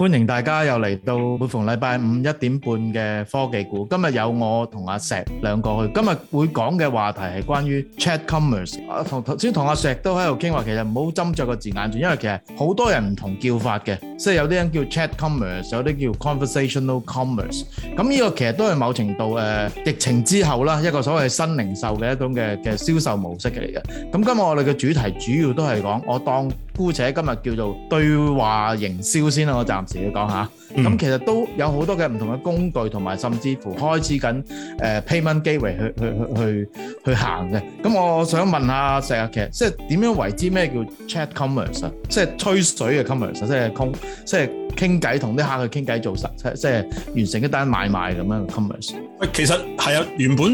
歡迎大家又嚟到每逢禮拜五一點半嘅科技估，今日有我同阿石兩個去。今日會講嘅話題係關於 Chat Commerce。啊，同頭先同阿石都喺度傾話，其實唔好斟着個字眼，因為其實好多人唔同叫法嘅。即係有啲人叫 chat commerce，有啲叫 conversational commerce。咁呢個其實都係某程度誒、呃、疫情之後啦，一個所謂新零售嘅一種嘅嘅銷售模式嚟嘅。咁今日我哋嘅主題主要都係講，我當姑且今日叫做對話營銷先啦，我暫時要講下。咁其實都有好多嘅唔同嘅工具，同埋甚至乎開始緊誒 payment 基圍去去去去去行嘅。咁我想問下石日劇，即係點樣為之咩叫 chat commerce？即係吹水嘅 commerce，即係空。即係傾偈，同啲客去傾偈，做實即係完成一單買賣咁樣嘅 commerce。喂，其實係啊，原本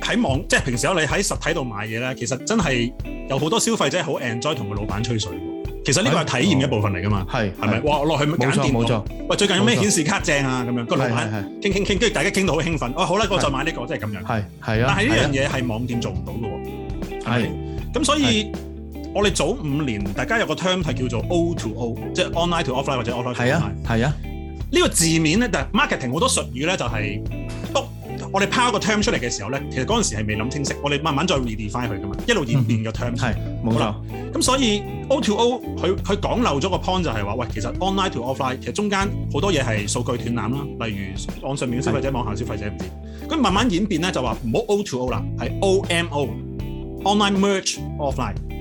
喺網即係平時有你喺實體度買嘢咧，其實真係有好多消費者好 enjoy 同個老闆吹水。其實呢個係體驗嘅一部分嚟噶嘛。係係咪？哇，落去揀店。冇錯冇錯。喂，最近有咩顯示卡正啊？咁樣個老闆傾傾傾，跟住大家傾到好興奮。哦，好啦，我就買呢個，真係咁樣。係，係啊。但係呢樣嘢係網店做唔到噶。係。咁所以。我哋早五年，大家有個 term 係叫做 O to O，即係 online to offline 或者 offline to online。係啊，係啊。呢個字面咧，但係 marketing 好多術語咧、就係，就係我哋拋個 term 出嚟嘅時候咧，其實嗰陣時係未諗清晰。我哋慢慢再 refine 佢噶嘛，一路演變個 term 係冇啦。咁、嗯嗯、所以 O to O 佢佢講漏咗個 point 就係話，喂，其實 online to offline 其實中間好多嘢係數據斷纜啦，例如網上面消費者、網下消費者唔知，咁慢慢演變咧，就話唔好 O to O 啦，係 O M O online merge offline。Line,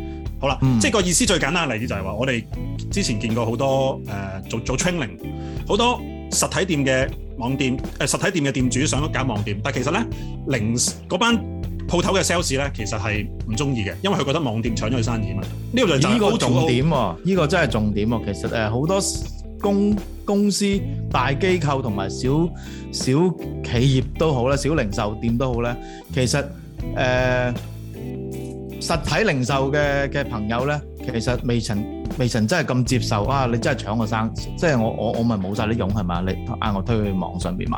好啦，即係個意思最簡單嘅例子就係話，我哋之前見過好多誒做做 training，好多實體店嘅網店，誒實體店嘅店主想搞網店，但係其實咧零嗰班鋪頭嘅 sales 咧，其實係唔中意嘅，因為佢覺得網店搶咗佢生意啊嘛。呢個就係就係好重點喎，呢個真係重點喎。其實誒好多公公司大機構同埋小小企業都好啦，小零售店都好啦，其實誒。實體零售嘅嘅朋友咧，其實未曾未曾真係咁接受啊！你真係搶我生，即係我我我咪冇晒啲佣係嘛？你嗌我推去網上邊買？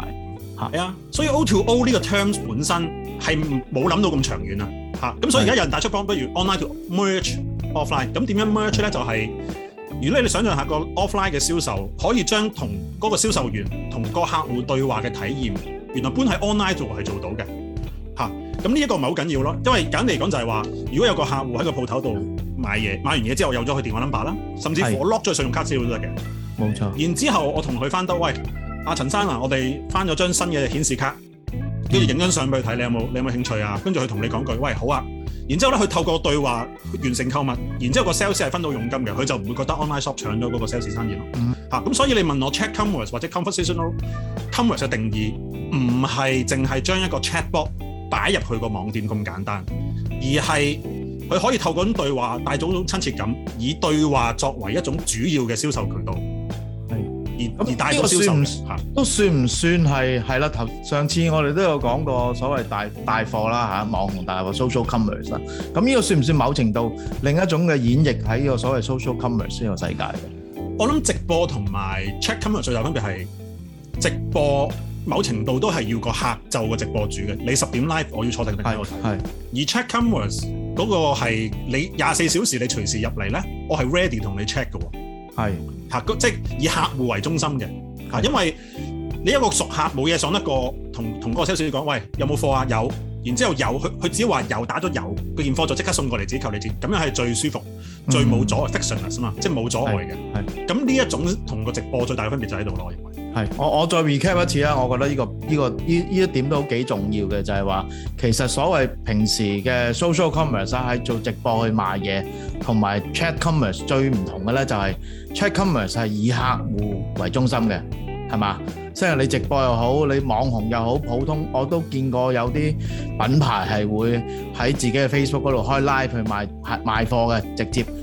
係啊，所以 O to O 呢個 terms 本身係冇諗到咁長遠啊！嚇咁所以而家有人帶出方，不如 online to merge offline。咁點樣 merge 咧？就係、是、如果你想象下個 offline 嘅銷售，可以將同嗰個銷售員同個客戶對話嘅體驗，原來搬喺 online 做係做到嘅嚇。咁呢一個唔係好緊要咯，因為簡嚟講就係話，如果有個客戶喺個鋪頭度買嘢，買完嘢之後有咗佢電話 number 啦，甚至乎我 lock 咗信用卡資料都得嘅。冇錯。然之後我同佢翻到，喂，阿陳生啊，生我哋翻咗張新嘅顯示卡，跟住影張相俾佢睇，你有冇你有冇興趣啊？跟住佢同你講句，喂，好啊。然之後咧，佢透過對話完成購物，然之後個 sales 係分到佣金嘅，佢就唔會覺得 online shop 搶咗嗰個 sales 生意咯。嚇、嗯，咁、啊、所以你問我 chat commerce 或者 conversational commerce 嘅 Com 定義，唔係淨係將一個 chatbot 擺入去個網店咁簡單，而係佢可以透過種對話帶到種親切感，以對話作為一種主要嘅銷售渠道。係的，而而呢個算唔都售算唔算係係啦？頭上次我哋都有講過所謂大大貨啦嚇、啊，網紅大貨 social commerce，咁呢個算唔算某程度另一種嘅演繹喺呢個所謂 social commerce 呢個世界？我諗直播同埋 chat commerce 最大分別係直播。某程度都係要個客就個直播主嘅，你十點 live，我要坐定定睇。係係。而 chat commerce 嗰個係你廿四小時你隨時入嚟咧，我係 ready 同你 check 嘅喎。係是即係以客戶為中心嘅嚇，是因為你一個熟客冇嘢上得個，同同嗰個 sales 講，喂，有冇貨啊？有，然之後有，佢佢只要話有，打咗有，個件貨就即刻送過嚟，自己求你接，咁樣係最舒服，嗯、最冇阻 friction 啊嘛，即係冇阻礙嘅。係、嗯。咁呢一種同個直播最大嘅分別就喺度咯，我係我我再 recap 一次啦，我覺得呢、呢個呢、呢個呢、呢個、一點都幾重要嘅，就係、是、話其實所謂平時嘅 social commerce 喺做直播去賣嘢，同埋 chat commerce 最唔同嘅呢，就係 chat commerce 係以客戶為中心嘅，係嘛？即、就、係、是、你直播又好，你網紅又好，普通我都見過有啲品牌係會喺自己嘅 Facebook 嗰度開 live 去賣賣貨嘅，直接。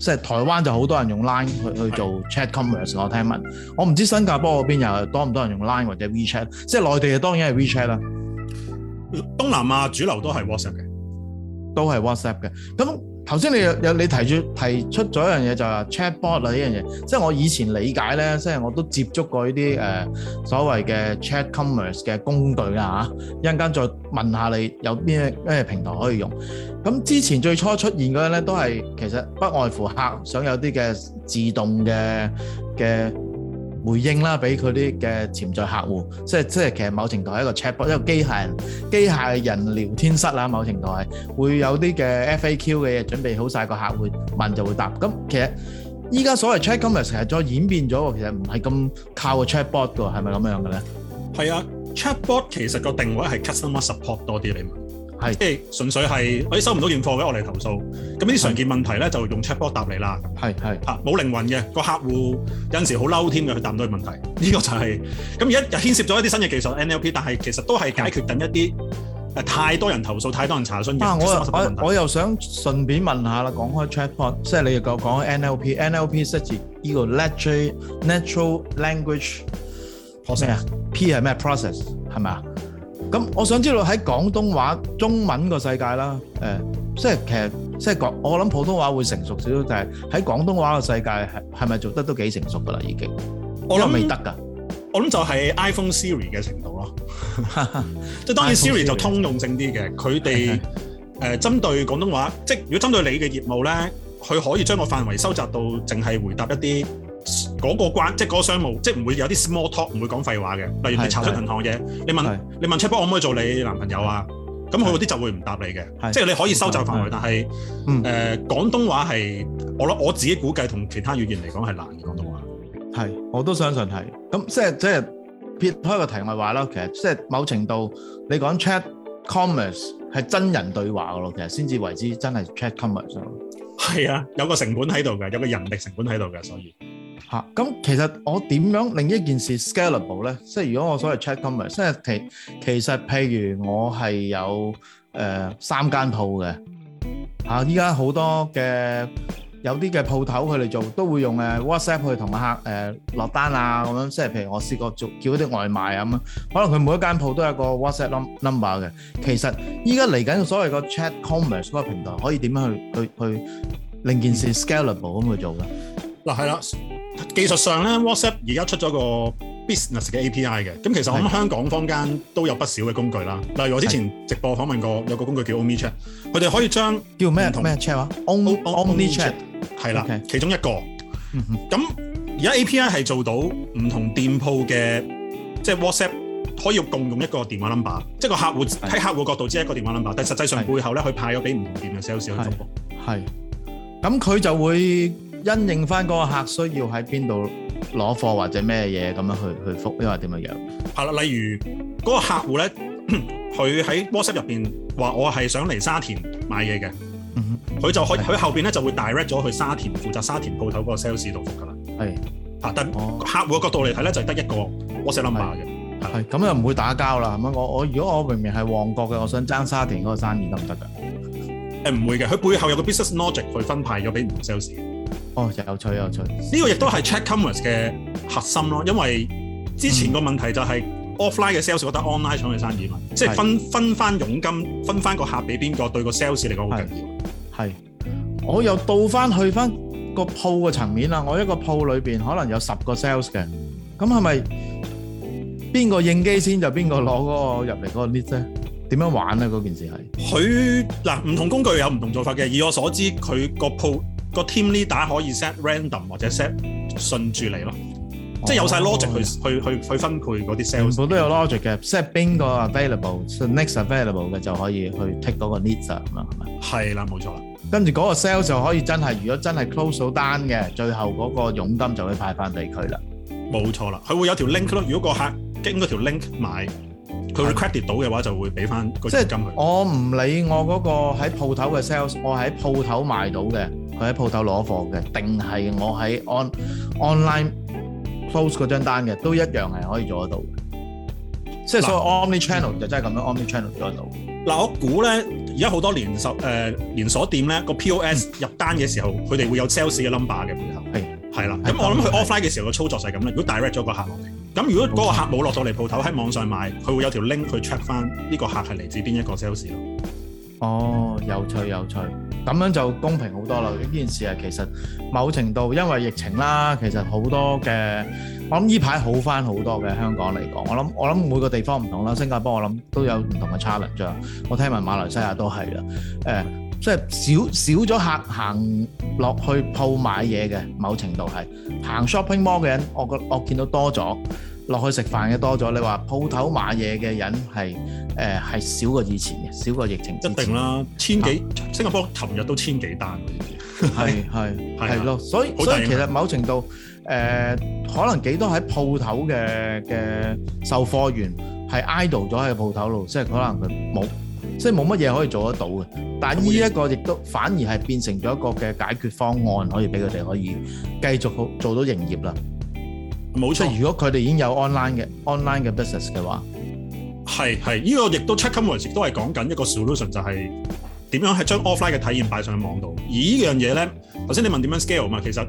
即係台灣就好多人用 Line 去是的 去做 chat commerce，我聽聞。我唔知新加坡嗰邊又多唔多人用 Line 或者 WeChat。即係內地當然係 WeChat 啦。東南亞主流都係 WhatsApp 嘅，都係 WhatsApp 嘅。咁。頭先你有有你提出提出咗一樣嘢就係 chatbot 呢樣嘢，即係我以前理解咧，即係我都接觸過呢啲誒所謂嘅 chat commerce 嘅工具啦嚇。一陣間再問下你有邊一咩平台可以用。咁之前最初出現嗰陣咧，都係其實不外乎客想有啲嘅自動嘅嘅。的回應啦，俾佢啲嘅潛在客戶，即係即係其實某程度係一個 chatbot 一個機械人機械人聊天室啦。某程度係會有啲嘅 FAQ 嘅嘢準備好晒，個客戶問，就會答。咁其實依家所謂 chat commerce 其實再演變咗，其實唔係咁靠個 chatbot 㗎，係咪咁樣嘅咧？係啊，chatbot 其實個定位係 customer support 多啲嚟。係，即係是純粹係我哋收唔到件貨嘅，我嚟投訴。咁呢啲常見問題咧，就用 Chatbot 答你啦。係係嚇，冇靈魂嘅，個客戶有陣時好嬲添嘅，佢答唔到佢問題。呢個就係咁，而家又牽涉咗一啲新嘅技術 NLP，但係其實都係解決緊一啲誒太多人投訴、太多人查詢嘅、啊、我我，我，我又想順便問，問下啦，講開 Chatbot，即係你又講講 NLP，NLP 涉及呢個 natural language process 啊？P 係咩 process 係咪？咁我想知道喺廣東話中文個世界啦，誒，即係其實即係講我諗普通話會成熟少少，就係喺廣東話個世界係係咪做得都幾成熟㗎啦？已經我諗未得㗎，我諗就係 iPhone Siri 嘅程度咯。即係當然 Siri 就通用性啲嘅，佢哋誒針對廣東話，即係如果針對你嘅業務咧，佢可以將個範圍收窄到淨係回答一啲。嗰個關即係嗰個商務，即係唔會有啲 small talk，唔會講廢話嘅。例如你查出銀行嘅，嘢，就是，你問是你問 ChatBot 是可唔可以做你男朋友啊？咁佢嗰啲就會唔答你嘅。即係是你可以收窄範圍，但係是誒、嗯呃、廣東話係我諗我自己估計同其他語言嚟講係難嘅廣東話。係，我都相信係。咁即係即係撇開個題目話啦，其實即係某程度你講 chat commerce 係真人對話嘅咯，其實先至為之真係 chat commerce。係啊，有個成本喺度嘅，有個人力成本喺度嘅，所以。嚇！咁其實我點樣令一件事 scalable 咧？即係如果我所謂 chat commerce，即係其其實譬如我係有誒三間鋪嘅嚇，依家好多嘅有啲嘅鋪頭佢哋做都會用誒 WhatsApp 去同客誒落單啊咁樣。即係譬如我試過做叫啲外賣啊咁，可能佢每一間鋪都有一個 WhatsApp number 嘅。其實依家嚟緊所謂個 chat commerce 個平台可以點樣去去去令一件事 scalable 咁去做咧？嗱係啦。技術上咧，WhatsApp 而家出咗個 business 嘅 API 嘅，咁其實我諗香港坊間都有不少嘅工具啦。例如我之前直播訪問過有個工具叫 OmniChat，佢哋可以將叫咩同咩 Chat 啊，Om OmniChat 係啦，其中一個。咁而家 API 係做到唔同店鋪嘅，即係 WhatsApp 可以共用一個電話 number，即係個客戶喺客戶角度只係一個電話 number，但實際上背後咧佢派咗俾唔同店嘅 sales 去服務。係，咁佢就會。因應翻嗰個客需要喺邊度攞貨或者咩嘢咁樣去去覆，因為點樣樣？係啦，例如嗰個客戶咧，佢喺 WhatsApp 入邊話：我係想嚟沙田買嘢嘅，佢就可佢後邊咧就會 direct 咗去沙田負責沙田鋪頭嗰個 sales 度覆噶啦。係，啊，得？客戶嘅角度嚟睇咧，就係得一個 WhatsApp number 嘅，係咁又唔會打交啦。咁樣我我如果我明明係旺角嘅，我想爭沙田嗰個生意得唔得噶？誒唔會嘅，佢背後有個 business logic 去分派咗俾唔同 sales。哦，有趣有趣，呢個亦都係 Chat Commerce 嘅核心咯。因為之前個問題就係、是嗯、offline 嘅 sales 覺得 online 搶佢生意嘛，是即係分分翻佣金，分翻個客俾邊個，對個 sales 嚟講好緊要。係，我又倒翻去翻個鋪嘅層面啦。我一個鋪裏邊可能有十個 sales 嘅，咁係咪邊個應機先就邊個攞嗰個入嚟嗰個 list 啫？點樣玩咧？嗰件事係佢嗱，唔同工具有唔同做法嘅。以我所知，佢個鋪。個 team leader 可以 set random 或者 set 順住嚟咯，即係有晒 logic 去去去去分配嗰啲 sales。我都有 logic 嘅，set 邊個 available，set next available 嘅就可以去 take 嗰個 needs 咁係咪？係啦，冇錯啦。跟住嗰個 sales 就可以真係，如果真係 close 到單嘅，最後嗰個佣金就會派翻俾佢啦。冇錯啦，佢會有條 link 咯。如果個客經嗰條 link 買，佢 recredit 到嘅話，就會俾翻即係咁佢。我唔理我嗰個喺鋪頭嘅 sales，我喺鋪頭買到嘅。佢喺鋪頭攞貨嘅，定係我喺 on online close 嗰張單嘅，都一樣係可以做得到嘅。即係所、啊、謂、so, omni channel、嗯、就真係咁樣 omni channel 做得到。嗱、啊，我估咧，而家好多連鎖誒、呃、連鎖店咧，個 POS 入單嘅時候，佢哋、嗯、會有 sales 嘅 number 嘅背後。係係啦。咁我諗佢 offline 嘅時候嘅操作就係咁啦。如果 direct 咗個客落嚟，咁如果嗰個客冇落到嚟鋪頭喺網上買，佢會有條 link 去 check 翻呢個客係嚟自邊一個 sales 咯。哦，有趣，有趣。咁樣就公平好多喇。呢件事其實某程度因為疫情啦，其實好多嘅，我諗呢排好返好多嘅香港嚟講，我諗我諗每個地方唔同啦，新加坡我諗都有唔同嘅 challenge，我聽聞馬來西亞都係啦，呃即係少少咗客行落去鋪買嘢嘅，某程度係行 shopping mall 嘅人我，我覺我見到多咗，落去食飯嘅多咗。你話鋪頭買嘢嘅人係誒係少過以前嘅，少過疫情的。一定啦，千幾、啊、新加坡琴日都千幾單嘅，係係係咯，的的所以棒所以其實某程度誒、呃、可能幾多喺鋪頭嘅嘅售貨員係 idle 咗喺鋪頭度，即係、嗯、可能佢冇。即係冇乜嘢可以做得到嘅，但係呢一個亦都反而係變成咗一個嘅解決方案，可以俾佢哋可以繼續好做到營業啦。冇錯。如果佢哋已經有 online 嘅 online 嘅 business 嘅話，係係呢個亦都 Chat Commerce 亦都係講緊一個 solution，就係點樣係將 offline 嘅體驗擺上去網度。而呢樣嘢咧，頭先你問點樣 scale 嘛？其實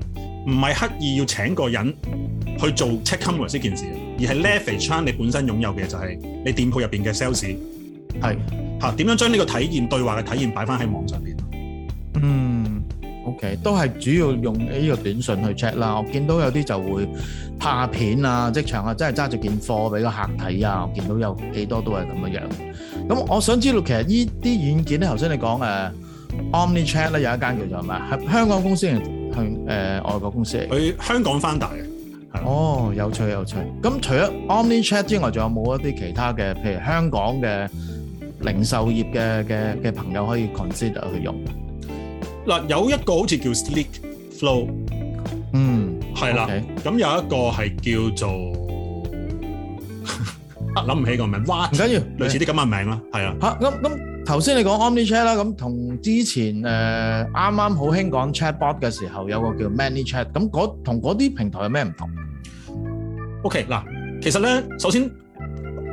唔係刻意要請個人去做 Chat Commerce 件事，而係 leverage 你本身擁有嘅，就係你店鋪入邊嘅 sales。係嚇，點樣將呢個體驗、對話嘅體驗擺翻喺網上邊？嗯，OK，都係主要用呢個短信去 check 啦。我見到有啲就會拍片啊，即場啊，真係揸住件貨俾個客睇啊。我見到有幾多都係咁樣樣。咁我想知道其實呢啲軟件咧，頭先你講誒 OmniChat 咧有一間叫做咩？係香港公司定係、呃、外國公司？佢香港 founder 嘅。哦，係嘅。有，有趣有趣。咁除咗 OmniChat 之外，仲有冇一啲其他嘅？譬如香港嘅？零售業嘅嘅嘅朋友可以 consider 去用。嗱，有一個好似叫 SleekFlow，嗯，係啦。咁有一個係叫做，諗唔起個名。哇，唔緊要，類似啲咁嘅名啦，係啊。嚇，咁咁頭先你講 Omni Chat 啦，咁同之前誒啱啱好興講 Chatbot 嘅時候有個叫 Many Chat，咁嗰同嗰啲平台有咩唔同？OK，嗱，其實咧，首先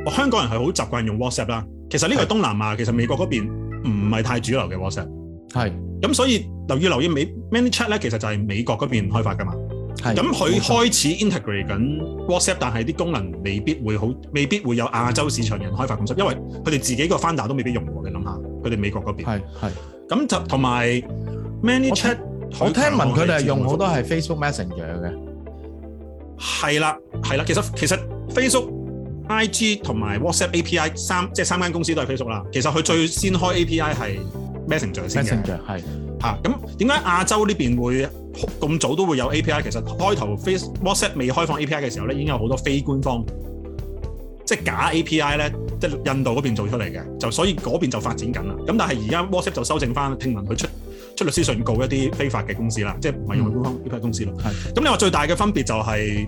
我香港人係好習慣用 WhatsApp 啦。其實呢個係東南亞，是其實美國嗰邊唔係太主流嘅 WhatsApp 是。咁所以留意留意，Many Chat 咧其實就係美國嗰邊開發噶嘛。係是。咁佢開始 integrate 緊 WhatsApp，但係啲功能未必會好，未必會有亞洲市場人開發咁，因為佢哋自己個翻 o 都未必用喎。你諗下，佢哋美國嗰邊。咁就同埋 Many Chat，我聽聞佢哋用好多係 Facebook Messenger 嘅。係啦係啦，其實其實 Facebook。IG 同埋 WhatsApp API 三，即係三間公司都係 Facebook 啦。其實佢最先開 API 係 Messenger 先嘅？Messenger 係嚇？咁點解亞洲呢邊會咁早都會有 API？其實開頭 Face WhatsApp 未開放 API 嘅時候咧，已經有好多非官方，即係假 API 咧，即係印度嗰邊做出嚟嘅。就所以嗰邊就發展緊啦。咁但係而家 WhatsApp 就修正翻，聽聞佢出出律師信告一啲非法嘅公司啦，即係唔係用佢官方 API 公司咯？係的。咁你話最大嘅分別就係、是？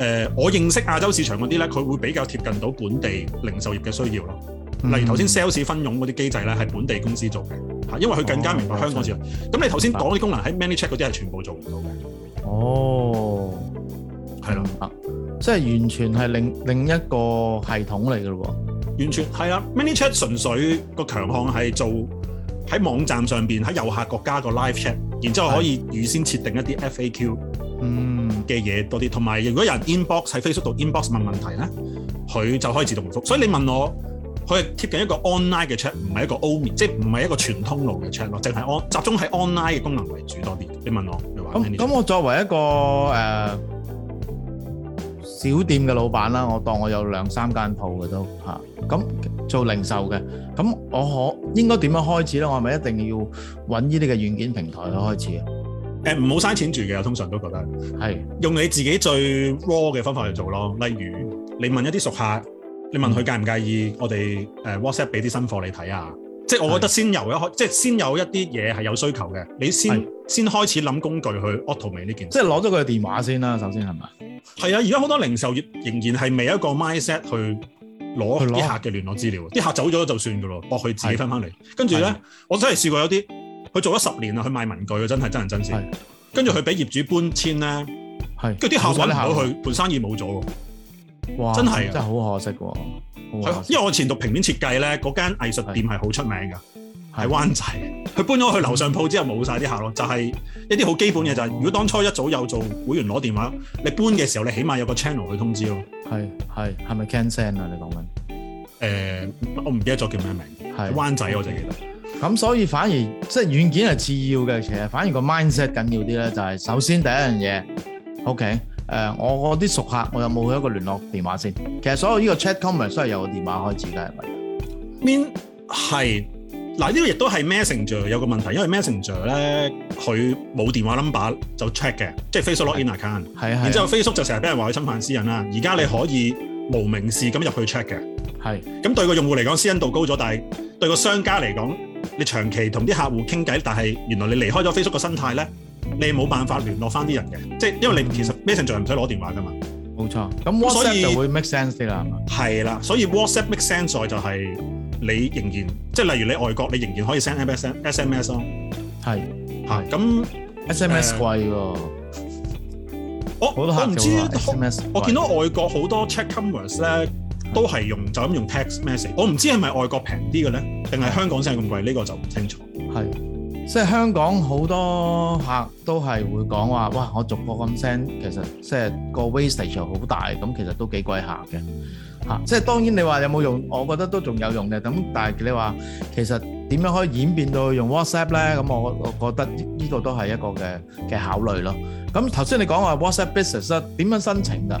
誒、呃，我認識亞洲市場嗰啲咧，佢會比較貼近到本地零售業嘅需要咯。嗯、例如頭先 sales 分傭嗰啲機制咧，係本地公司做嘅，係因為佢更加明白香港市場。咁、哦、你頭先講啲功能喺 ManyChat 嗰啲係全部做唔到嘅。哦，係咯的、嗯啊，即係完全係另另一個系統嚟嘅咯喎。完全係啊，ManyChat 純粹個強項係做喺網站上邊，喺右下角加個 live chat，然之後可以預先設定一啲 FAQ。嗯。嘅嘢多啲，同埋如果有人 inbox 喺 Facebook 度 inbox 問問題咧，佢就開始同佢覆。所以你問我，佢係 keep 緊一個 online 嘅 channel 唔係一個 O 面，即係唔係一個全通路嘅 channel 咯，淨係我集中喺 online 嘅功能為主多啲。你問我，咁咁我作為一個誒、呃、小店嘅老闆啦，我當我有兩三間鋪嘅都吓，咁、啊、做零售嘅，咁我可應該點樣開始咧？我係咪一定要揾呢啲嘅軟件平台去開始啊？誒唔好嘥錢住嘅，我通常都覺得係用你自己最 raw 嘅方法去做咯。例如你問一啲熟客，你問佢介唔介意我哋 WhatsApp 俾啲新貨你睇啊？即係我覺得先由一開是的 即係先有一啲嘢係有需求嘅，你先是的 先開始諗工具去 auto 埋呢件。即係攞咗佢嘅電話先啦、啊，首先係咪？係啊，而家好多零售業仍然係未一個 mindset 去攞啲客嘅聯絡資料。啲拿客走咗就算噶咯，搏佢自己翻翻嚟。跟住咧，是的 我真係試過有啲。佢做咗十年啦，佢賣文具，真係真人真事。跟住佢俾業主搬遷咧，跟住啲客揾唔到佢，盤生意冇咗喎。哇！真係真係好可惜喎。因為我前讀平面設計咧，嗰間藝術店係好出名噶，係灣仔。佢搬咗去樓上鋪之後冇晒啲客咯，就係一啲好基本嘅就係，如果當初一早有做會員攞電話，你搬嘅時候你起碼有個 channel 去通知咯。係係係咪 Cansen 啊？你講緊？誒，我唔記得咗叫咩名？灣仔我就記得。咁所以反而即係軟件係次要嘅，其實反而個 mindset 緊要啲咧。就係首先第一樣嘢，OK 誒、呃，我我啲熟客，我有冇一個聯絡電話先？其實所有呢個 Chat Commerce 都係由電話開始嘅，係咪？Mean 係嗱呢個亦都係 Messenger 有個問題，因為 Messenger 咧佢冇電話 number 就 check 嘅，即係 Facebook login account。係係。然之後 Facebook 就成日俾人話佢侵犯私隱啦。而家你可以無名氏咁入去 check 嘅，係的。咁對個用戶嚟講私隱度高咗，但係對個商家嚟講。你長期同啲客戶傾偈，但係原來你離開咗 Facebook 嘅生態咧，你冇辦法聯絡翻啲人嘅。即係因為你其實 Messenger 唔使攞電話噶嘛。冇錯，咁 WhatsApp 就會 make sense 啲啦。係啦以，所以 WhatsApp make sense 在就係你仍然，即係例如你外國，你仍然可以 send SMS 的、SMS。係係。咁 SMS 貴喎、呃。我我唔知，我見到外國好多 Chat Commerce 咧、嗯。都係用就咁用 text message，我唔知係咪外國平啲嘅咧，定係香港 send 咁貴？呢個就唔清楚。係，即係香港好多客都係會講話，哇！我逐個咁 send，其實即係個 waste 好大，咁其實都幾貴客嘅嚇。即係當然你話有冇用，我覺得都仲有用嘅。咁但係你話其實點樣可以演變到用 WhatsApp 咧？咁我我覺得呢度都係一個嘅嘅考慮咯。咁頭先你講話 WhatsApp business 點樣申請㗎？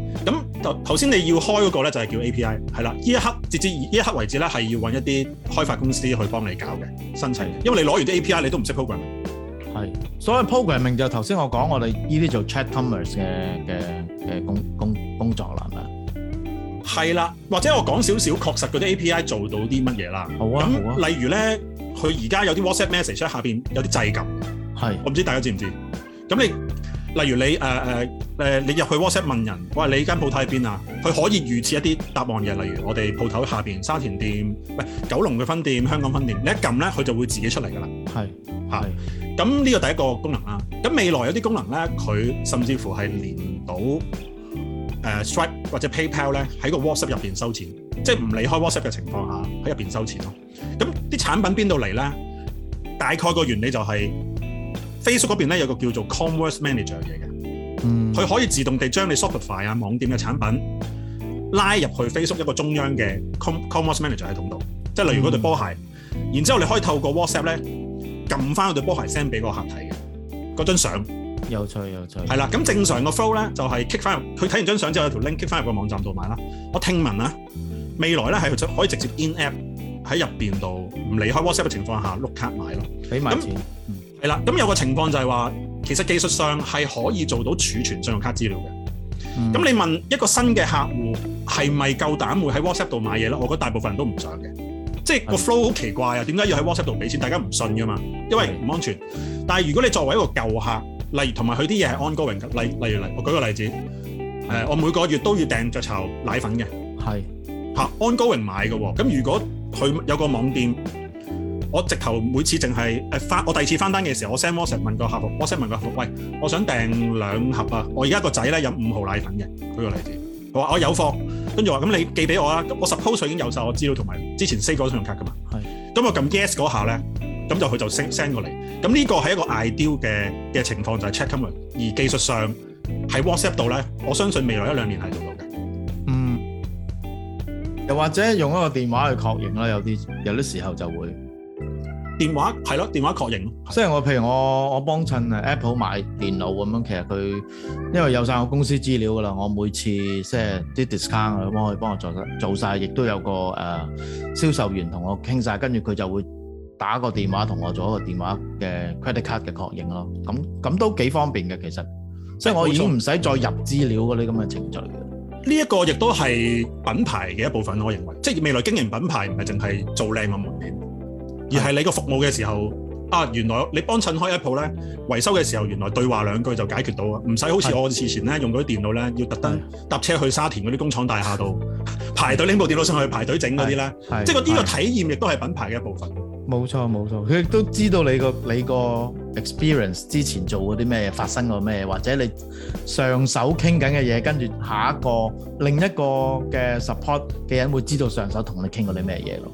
頭先你要開嗰個咧就係叫 API，係啦，呢一刻直至呢一刻為止咧，係要搵一啲開發公司去幫你搞嘅申請嘅，因為你攞完啲 API 你都唔識 program。係，所以 programming 就頭先我講，我哋呢啲做 chat commerce 嘅嘅嘅工工工作啦，係係啦，或者我講少少，確實嗰啲 API 做到啲乜嘢啦？好啊，有好啊，例如咧，佢而家有啲 WhatsApp message 喺下面有啲掣，有啲掣咁，係，我唔知大家知唔知？咁你？例如你誒誒誒，你入去 WhatsApp 問人，喂你間鋪喺邊啊？佢可以預設一啲答案嘅，例如我哋鋪頭下邊沙田店，唔係九龍嘅分店、香港分店，你一撳咧，佢就會自己出嚟㗎啦。係，嚇。咁呢是個第一個功能啦、啊。咁未來有啲功能咧，佢甚至乎係連到誒、呃、Stripe 或者 PayPal 咧，喺個 WhatsApp 入邊收錢，即係唔離開 WhatsApp 嘅情況下喺入邊收錢咯。咁啲產品邊度嚟咧？大概個原理就係、是。Facebook 嗰邊咧，有個叫做 Commerce Manager 嘅嘢，佢可以自動地將你 Shopify 啊網店嘅產品拉入去 Facebook 一個中央嘅 Com Commerce Manager 喺度，即係例如嗰對波鞋，嗯、然之後你可以透過 WhatsApp 咧撳翻嗰對波鞋 send 俾個客睇嘅嗰張相。有趣，有趣。係啦，咁正常個 flow 咧就係 kick 翻入佢睇完張相之後有條 link kick 翻入個網站度買啦。我聽聞啊，未來咧係可以直接 in app 喺入面度唔離開 WhatsApp 嘅情況下碌卡買咯，俾埋錢係啦，咁有個情況就係話，其實技術上係可以做到儲存信用卡資料嘅。咁、嗯、你問一個新嘅客戶係咪夠膽會喺 WhatsApp 度買嘢咧？我覺得大部分人都唔想嘅，即係個 flow 好奇怪啊！點解的要喺 WhatsApp 度俾錢？大家唔信噶嘛，因為唔安全。的但係如果你作為一個舊客，例如同埋佢啲嘢係 ongoing 嘅，例例如嚟，我舉個例子，誒，我每個月都要訂雀巢奶粉嘅，係嚇的，ongoing 買嘅喎。咁如果佢有個網店。我直頭每次淨係誒翻我第二次翻單嘅時候，我 send WhatsApp 問個客服，WhatsApp 問個客服，喂，我想訂兩盒啊！我而家個仔咧飲五號奶粉嘅，舉個例子，我話我有貨，跟住話咁你寄俾我啊！我 suppose 已經有晒，我知料同埋之前 s a 信用卡噶嘛。係是的、yes。咁我撳 yes 嗰下咧，咁就佢就 send send 過嚟。咁呢個係一個 ideal 嘅嘅情況，就係、是、check in 而技術上喺 WhatsApp 度咧，我相信未來一兩年係做到嘅。嗯。又或者用一個電話去確認啦，有啲有啲時候就會。電話係咯，電話確認。即係我譬如我我幫襯 Apple 買電腦咁樣，其實佢因為有晒我公司資料噶啦，我每次即係啲 discount 佢幫佢幫我做曬，做曬亦都有個誒、呃、銷售員同我傾晒，跟住佢就會打個電話同我做一個電話嘅 credit card 嘅確認咯。咁咁都幾方便嘅其實。所以我已經唔使再入資料嗰啲咁嘅程序。呢一、嗯，這個亦都係品牌嘅一部分，我認為，即係未來經營品牌唔係淨係做靚個門面，而係你個服務嘅時候，啊，原來你幫襯開 Apple 咧，維修嘅時候原來對話兩句就解決到，啊，唔使好似我事前咧用嗰啲電腦咧，要特登搭車去沙田嗰啲工廠大廈度的排隊拎部電腦上去排隊整嗰啲咧，即係呢個體驗亦都係品牌嘅一部分。冇錯冇錯，佢亦都知道你個你個 experience 之前做過啲咩，發生過咩，或者你上手傾緊嘅嘢，跟住下一個另一個嘅 support 嘅人會知道上手同你傾過啲咩嘢咯。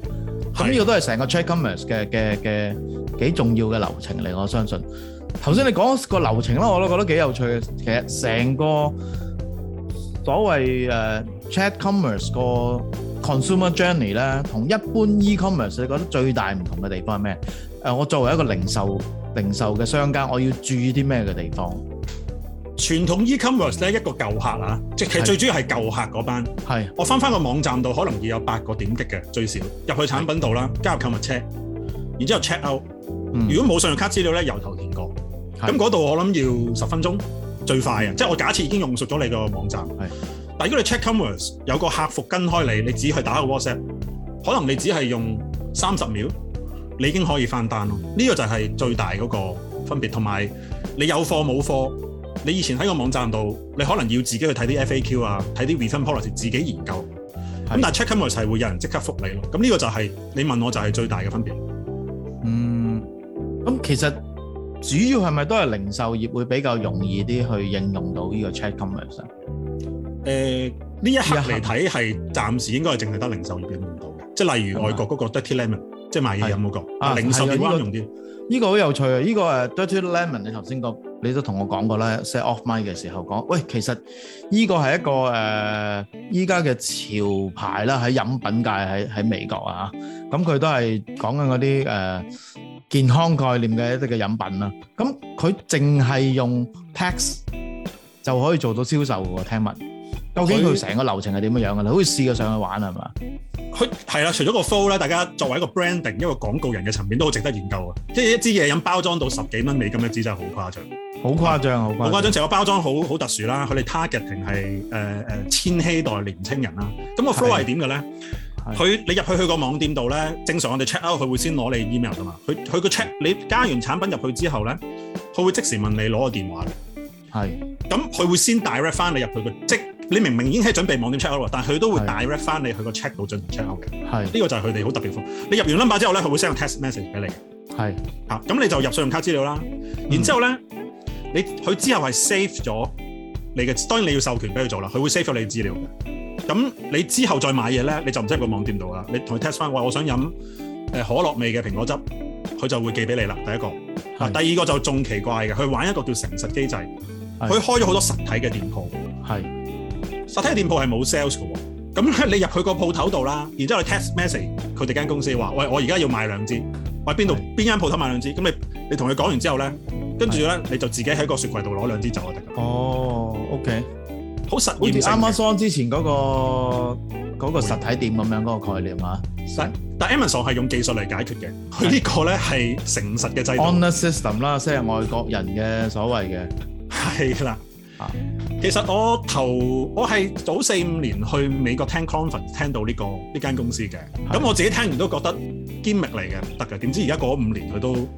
咁呢個都係成個 Chat Commerce 嘅嘅嘅幾重要嘅流程嚟，我相信。頭先你講個流程啦，我都覺得幾有趣的。其實成個所謂 Chat Commerce 個 Consumer Journey 呢，同一般 e-commerce 你覺得最大唔同嘅地方係咩？我作為一個零售零售嘅商家，我要注意啲咩嘅地方？傳統 e-commerce 咧，一個舊客啊，即係最主要係舊客嗰班。是我翻翻個網站度，可能要有八個點擊嘅最少入去產品度啦，的加入購物車，然之後 check out、嗯。如果冇信用卡資料咧，由頭填過咁嗰度，的那那裡我諗要十分鐘的最快啊。即係我假設已經用熟咗你個網站，是的但如果你 Chat Commerce 有個客服跟開你，你只去打個 WhatsApp，可能你只係用三十秒，你已經可以翻單咯。呢、這個就係最大嗰個分別，同埋你有貨冇貨。你以前喺個網站度，你可能要自己去睇啲 FAQ 啊，睇啲 r e t u n n Policy 自己研究。咁的但係 Check In 模式係會有人即刻覆你咯。咁呢個就係、是、你問我就係最大嘅分別。嗯，咁其實主要係咪都係零售業會比較容易啲去應用到呢個 Check In 模式？誒、呃，呢一刻嚟睇係暫時應該係淨係得零售業嘅用到嘅，即係例如外國嗰個 Dirty Lemon，是的即係賣嘢有冇講？啊，零售會都用啲。呢、這個好、這個、有趣啊！呢、這個誒 Dirty Lemon 你頭先講。你都同我講過啦，set off my 嘅時候講，喂，其實呢個係一個誒，依家嘅潮牌啦，喺飲品界喺喺美國啊，咁佢都係講緊嗰啲誒健康概念嘅一啲嘅飲品啦。咁佢淨係用 text 就可以做到銷售喎，聽聞。究竟佢成個流程係點樣樣嘅咧？你好似試過上去玩係嘛？佢係啦，除咗個 flow 咧，大家作為一個 branding，一個廣告人嘅層面都好值得研究啊！即係一支嘢飲包裝到十幾蚊美金一支真係好誇張，好誇張，好係誇張！成個包裝好好特殊啦，佢哋 targeting 係、呃、千禧代年青人啦。咁個 flow 係點嘅咧？佢你入去佢個網店度咧，正常我哋 check out 佢會先攞你 email 噶嘛。佢佢個 check 你加完產品入去之後咧，佢會即時問你攞個電話。係的，咁佢會先 direct 翻你入去個即。你明明已經喺準備網店 check out 但係佢都會 direct 翻你去個 check 到進度 check out 嘅。係的，呢個就係佢哋好特別嘅。你入完 number 之後咧，佢會 send 個 text message 俾你嘅。係，咁你就入信用卡資料啦。嗯、然後呢之後咧，你佢之後係 save 咗你嘅，當然你要授權俾佢做啦。佢會 save 咗你資料嘅。咁你之後再買嘢咧，你就唔使喺個網店度啦。你同佢 text 翻話，我想飲誒可樂味嘅蘋果汁，佢就會寄俾你啦。第一個，的第二個就仲奇怪嘅，佢玩一個叫誠實機制，佢開咗好多實體嘅店鋪。的實體店鋪係冇 sales 㗎喎，咁你入去個鋪頭度啦，然之後你 text message 佢哋間公司話：喂，我而家要買兩支，喂邊度邊間鋪頭買兩支？咁你你同佢講完之後咧，跟住咧你就自己喺個雪櫃度攞兩支走就得㗎。哦，OK，好實驗性，啱啱 Amazon 之前嗰個嗰個實體店咁樣嗰個概念啊，但但 Amazon 係用技術嚟解決嘅，佢呢個咧係誠實嘅制度 honest system 啦，即係外國人嘅所謂嘅，係啦。啊、其實我頭我係早四五年去美國聽 conference 聽到呢、這個呢間公司嘅，咁的我自己聽完都覺得堅覓嚟嘅得嘅，點知而家過咗五年佢都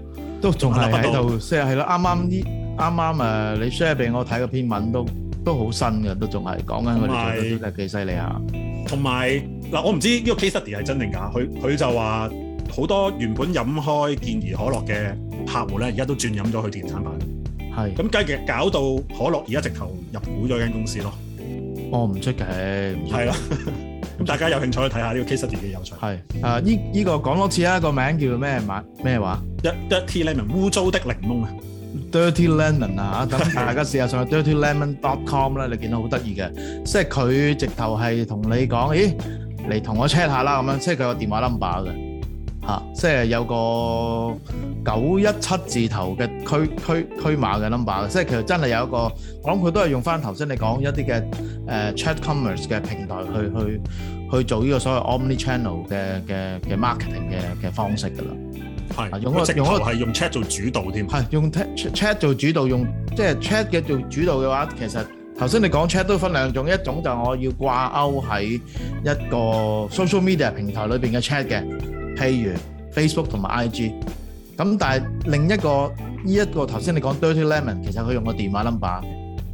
都仲係喺度，即係係咯，啱啱呢啱啱誒你 share 俾我睇嗰篇文都都好新嘅，都仲係講緊佢哋嘅幾犀利啊，同埋嗱我唔知呢個 case study 係真定假，佢佢就話好多原本飲開健怡可樂嘅客戶咧，而家都轉飲咗佢健怡產品。係，咁跟住搞到可樂而家直頭入股咗間公司囉。哦，唔出奇。咁的 大家有興趣睇下呢個 case 都幾有趣。係，誒個講多次啦，個名叫咩咩話？Dirty Lemon，污糟的檸檬啊。Dirty Lemon 啊，大家試下上去 dirty lemon dot com 啦，你見到好得意嘅，即係佢直頭係同你講，咦嚟同我 check 下啦咁樣，即係佢個電話 number。啊、即係有個九一七字頭嘅區區區碼嘅 number，即係其實真係有一個，我諗佢都係用翻頭先你講一啲嘅 chat commerce 嘅平台去去去做呢個所謂 omni channel 嘅嘅嘅 marketing 嘅嘅方式㗎啦。係用個用個用 chat 做主導添，係用，用，用 chat 做主導，用即係 chat 嘅做主導嘅話，其實頭先你講 chat 都分兩種，一種就我要掛鈎喺一個 social media 平台裏面嘅 chat 嘅。譬如 Facebook 同埋 IG，咁但係另一個呢一個頭先你講 Dirty Lemon，其實佢用個電話 number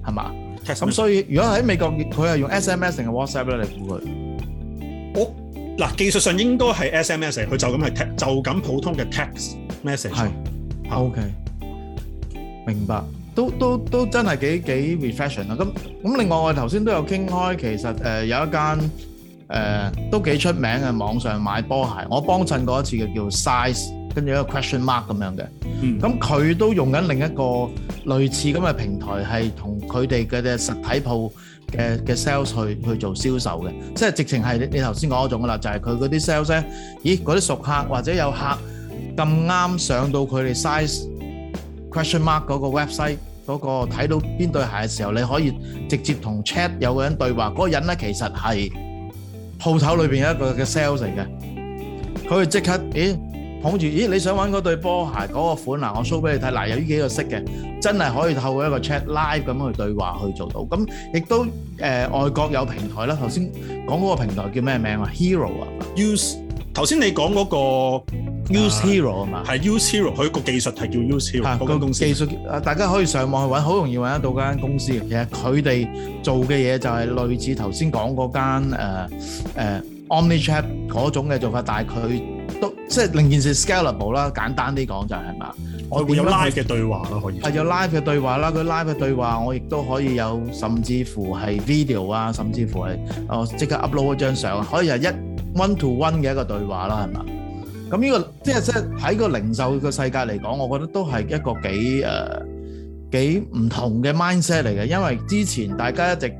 係嘛？咁所以如果喺美國佢係用 SMS 定 WhatsApp 咧嚟估佢。我嗱技術上應該係 SMS，佢就咁係 text，就咁普通嘅 text message。係，OK，明白。都都都真係幾幾 refreshing 啦。咁咁另外我哋頭先都有傾開，其實誒有一間。誒、呃、都幾出名嘅，網上買波鞋，我幫襯過一次嘅叫 size，跟住一個 question mark 咁樣嘅。咁佢，嗯、都用緊另一個類似咁嘅平台，係同佢哋嘅實體鋪嘅嘅 sales 去去做銷售嘅，即係直情係你頭先講嗰種啦，就係佢嗰啲 sales 咧，咦嗰啲熟客或者有客咁啱上到佢哋 size question mark 嗰個 website 嗰，嗰個睇到邊對鞋嘅時候，你可以直接同 chat 有個人對話，嗰，嗰個人咧其實係。鋪頭裏邊有一個嘅 sales 嚟嘅，佢會即刻，咦，捧住，咦，你想揾嗰對波鞋嗰個款啊？我 show 俾你睇，嗱，有呢幾個色嘅，真係可以透過一個 chat live 咁樣去對話去做到。咁亦都誒外國有平台啦，頭先講嗰個平台叫咩名啊？Hero 啊，Use。頭先你講嗰個。Use Hero 啊嘛？係吧 Use Hero，佢個技術係叫 Use Hero 嗰、啊、間公司技術。大家可以上網去揾，好容易揾得到間公司。其實佢哋做嘅嘢就係類似頭先講嗰間誒、呃呃、OmniChat 嗰種嘅做法，但係佢都即係另一件事 scalable 啦。簡單啲講就係、是、嘛，我會有 live 嘅對話咯，可以係有 live 嘅對話啦。佢 live 嘅對話，對話我亦都可以有，甚至乎係 video 啊，甚至乎係我即刻 upload 嗰張相，可以係一 one to one 嘅一個對話啦，係嘛？咁呢個即係即係喺個零售個世界嚟講，我覺得都係一個幾誒幾唔同嘅 mindset 嚟嘅。因為之前大家一直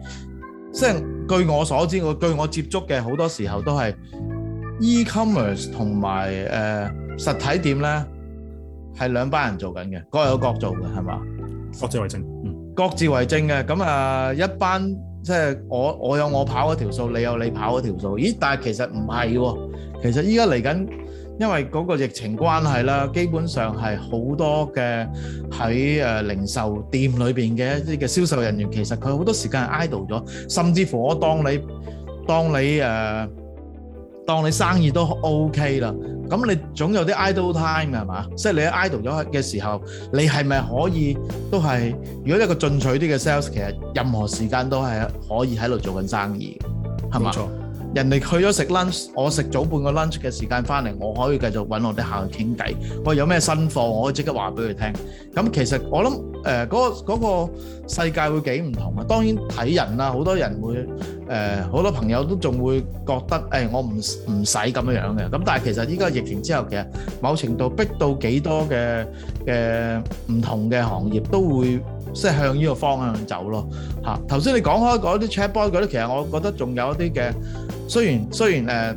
即係據我所知，我據我接觸嘅好多時候都係 e-commerce 同埋誒實體店咧係兩班人做緊嘅，各有各做嘅，係嘛？各自為政，嗯，各自為政嘅咁啊！一班即係我我有我跑嗰條數，你有你跑嗰條數。咦？但係其實唔係喎，其實依家嚟緊。因為嗰個疫情關係啦，基本上係好多嘅喺誒零售店裏邊嘅一啲嘅銷售人員，其實佢好多時間係 idle 咗，甚至乎我當你當你誒、啊、當你生意都 OK 啦，咁你總有啲 idle time 嘅係嘛？即係你 idle 咗嘅時候，你係咪可以都係？如果有一個進取啲嘅 sales，其實任何時間都係可以喺度做緊生意，係嘛？冇錯。人哋去咗食 lunch，我食早半個 lunch 嘅時間翻嚟，我可以繼續揾我啲客去傾偈。我有咩新貨，我可以即刻話俾佢聽。咁其實我諗誒嗰個世界會幾唔同啊。當然睇人啦，好多人會誒，好、呃、好多朋友都仲會覺得誒、哎，我唔唔使咁樣樣嘅。咁但係其實依家疫情之後，其實某程度逼到幾多嘅嘅唔同嘅行業都會。即係向呢個方向走咯，嚇！頭先你講開嗰啲 chatbot 嗰啲，其實我覺得仲有一啲嘅，雖然雖然誒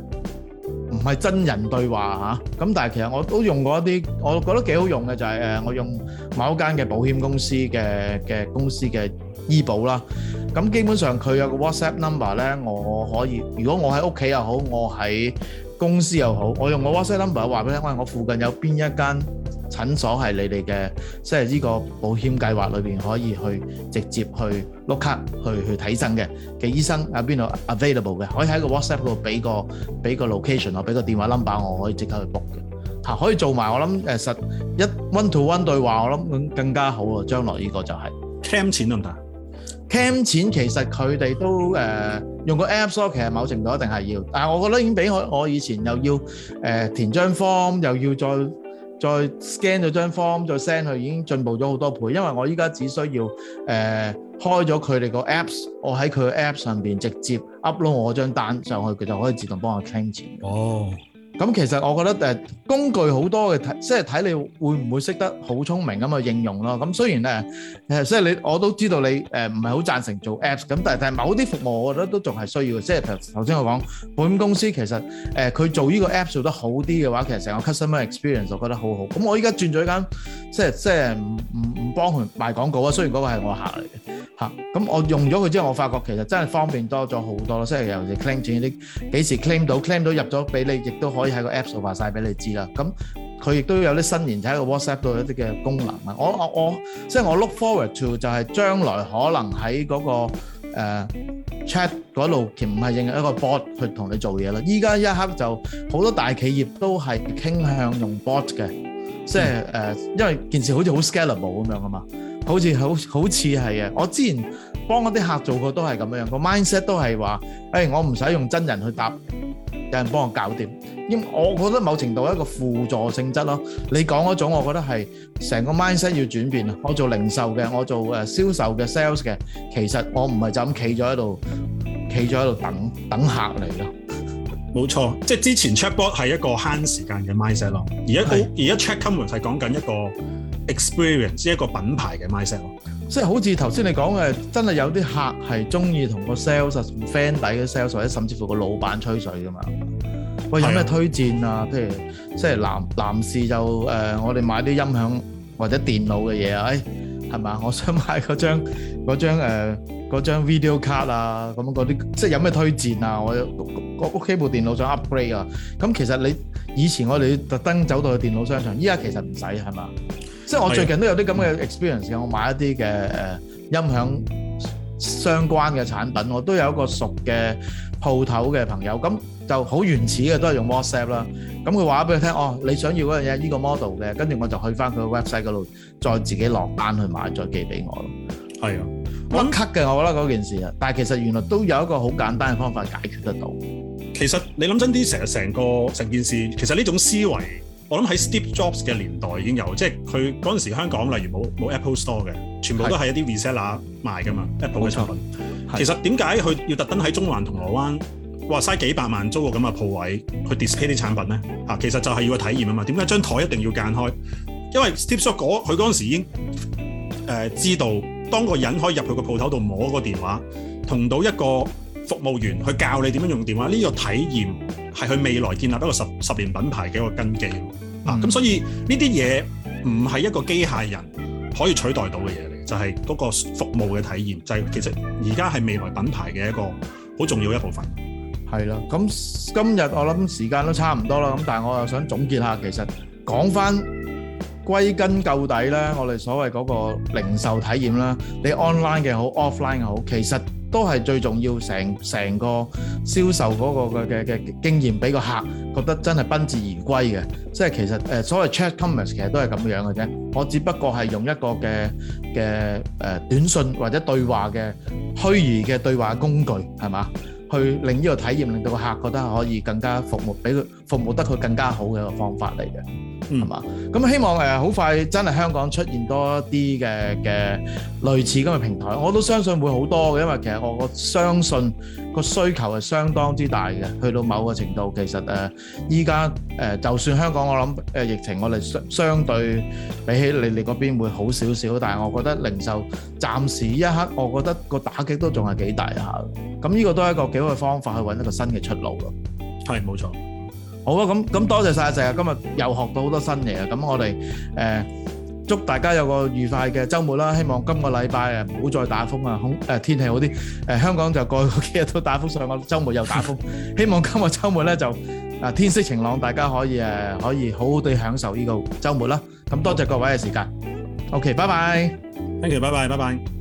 唔係真人對話嚇，咁但係其實我都用過一啲，我覺得幾好用嘅就係誒，我用某間嘅保險公司嘅嘅公司嘅醫保啦。咁基本上佢有個 WhatsApp number 咧，我可以如果我喺屋企又好，我喺公司又好，我用個 WhatsApp number 話俾你聽，我附近有邊一間診所係你哋嘅？即係呢個保險計劃裏邊可以去直接去碌卡去去睇診嘅嘅醫生喺邊度 available，嘅，可以喺個 WhatsApp 度俾個俾個 location 我，俾個電話 number 我，可以即刻去 book 嘅，吓可以做埋我諗誒實一 one to one 對話，我諗更加好喎。將來呢個就係 cam 錢得唔得？cam 錢其實佢哋都誒用個 app 咯，其實某程度一定係要，但係我覺得已經比我我以前又要誒填張 form 又要再。再 scan 咗張 form 再 send 去，已經進步咗好多倍，因為我依家只需要呃開咗佢哋個 apps，我喺佢 apps 上面直接 upload 我張單上去，佢就，就可以自動幫我 claim 錢。哦。咁其實我覺得誒工具好多嘅睇，即係睇你會唔會識得好聰明咁去應用咯。咁雖然咧誒，即係你我都知道你誒唔係好贊成做 Apps 咁，但係某啲服務我覺得都仲係需要。即係頭先我講保險公司其實誒佢、呃、做呢個 Apps 做得好啲嘅話，其實成個 customer experience 我覺得好好。咁我依家轉咗一間，即係即係唔唔幫佢賣廣告啊。雖然嗰個係我客嚟嘅。咁、啊、我用咗佢之後，我發覺其實真係方便多咗好多咯，即係由 claim 錢啲幾時 claim 到 claim 到入咗俾你，亦都可以喺個 app 度話晒俾你知啦。咁佢亦都有啲新嘅嘢喺個 WhatsApp 度一啲嘅功能啊。我我我，即係我 look forward to 就係將來可能喺嗰、那個、呃、chat 嗰度，其實唔係用一個 bot 去同你做嘢啦。依家一刻就好多大企業都係傾向用 bot 嘅，即係、呃、因為件事好似好 scalable 咁樣啊嘛。好似好好似係啊！我之前幫一啲客做過都係咁樣、那個個 mindset 都係話，誒、欸，我唔使用，用真人去答，有人幫我搞掂。因為我覺得某程度係一個輔助性質咯。你講嗰種，我覺得係成個 mindset 要轉變。我做零售嘅，我做誒銷售嘅 sales 嘅，其實我唔係就咁企咗喺度，企咗喺度等等客嚟咯。冇錯，即係之前 chatbot 係一個慳時間嘅 mindset 咯。而家而家 chat commerce 係講緊一個 experience，即係一個品牌嘅 myself，即係好似頭先你講嘅，真係有啲客係中意同個 sales 同 friend 底嘅 sales，或者甚至乎個老闆吹水咁樣。喂，有咩推薦啊？譬如即係男男士就誒，我哋買啲音響或者電腦嘅嘢啊？誒係嘛？我想買嗰張嗰張誒嗰張 video card 啊，咁樣嗰啲即係有咩推薦啊？我我屋企部電腦想 upgrade 啊。咁其實你以前我哋特登走到去電腦商場，依家其實唔使係嘛？即係我最近都有啲咁嘅 experience，我買一啲嘅誒音響相關嘅產品，我都有一個熟嘅鋪頭嘅朋友，咁就好原始嘅都係用 WhatsApp 啦。咁佢話咗俾佢聽，哦，你想要嗰樣嘢，呢個 model 嘅，跟住我就去翻佢個 website 嗰度再自己落單去買，再寄俾我咯。係啊，骨咳嘅，我覺得嗰件事啊，但係其實原來都有一個好簡單嘅方法解決得到。其實你諗真啲，成日成個成件事，其實呢種思維。我諗喺 Steve Jobs 嘅年代已經有，即係佢嗰陣時香港，例如冇冇 Apple Store 嘅，全部都係一啲 reseller 賣噶嘛 Apple 嘅產品。冇錯。其實點解佢要特登喺中環銅鑼灣話嘥幾百萬租個咁嘅鋪位去 display 啲產品咧？其實就係要個體驗啊嘛。點解張台一定要間開？因為 Steve Jobs 佢嗰陣時已經誒知道，當個人可以入去個鋪頭度摸個電話，同到一個服務員去教你點樣用電話呢個體驗。係佢未來建立一個十十年品牌嘅一個根基啊！咁所以呢啲嘢唔係一個機械人可以取代到嘅嘢嚟，就係嗰個服務嘅體驗，就係其實而家係未來品牌嘅一個好重要一部分。係啦，咁今日我諗時間都差唔多啦，咁但係我又想總結下，其實講返歸根究底咧，我哋所謂嗰個零售體驗啦，你 online 嘅好，offline 嘅好，其實。都係最重要，成成個銷售嗰個嘅嘅嘅經驗，俾個客覺得真係賓至如歸嘅。即係其實誒所謂 Chat Commerce 其實都係咁樣嘅啫。我只不過係用一個嘅嘅誒短信或者對話嘅虛擬嘅對話工具係嘛，去令呢個體驗，令到個客覺得可以更加服務，俾佢服務得佢更加好嘅一個方法嚟嘅。嗯，係嘛？咁希望誒好快真係香港出現多一啲嘅嘅類似咁嘅平台，我都相信會好多嘅，因為其實我我相信個需求係相當之大嘅。去到某個程度，其實誒依家誒就算香港，我諗誒疫情我哋相相對比起你哋嗰邊會好少少，但係我覺得零售暫時一刻，我覺得個打擊都仲係幾大下。咁呢個都係一個幾好嘅方法去揾一個新嘅出路咯。係，冇錯。好啊，咁咁多謝晒阿石，今日又學到好多新嘢啊！咁我哋誒祝大家有個愉快嘅周末啦！希望今個禮拜啊，唔好再打風啊，空誒天氣好啲。誒，香港就過幾日都打風，上個週末又打風。希望今個週末咧就啊天色晴朗，大家可以誒可以好好地享受呢個週末啦！咁多謝各位嘅時間。OK，拜拜，Thank you，拜拜，拜拜。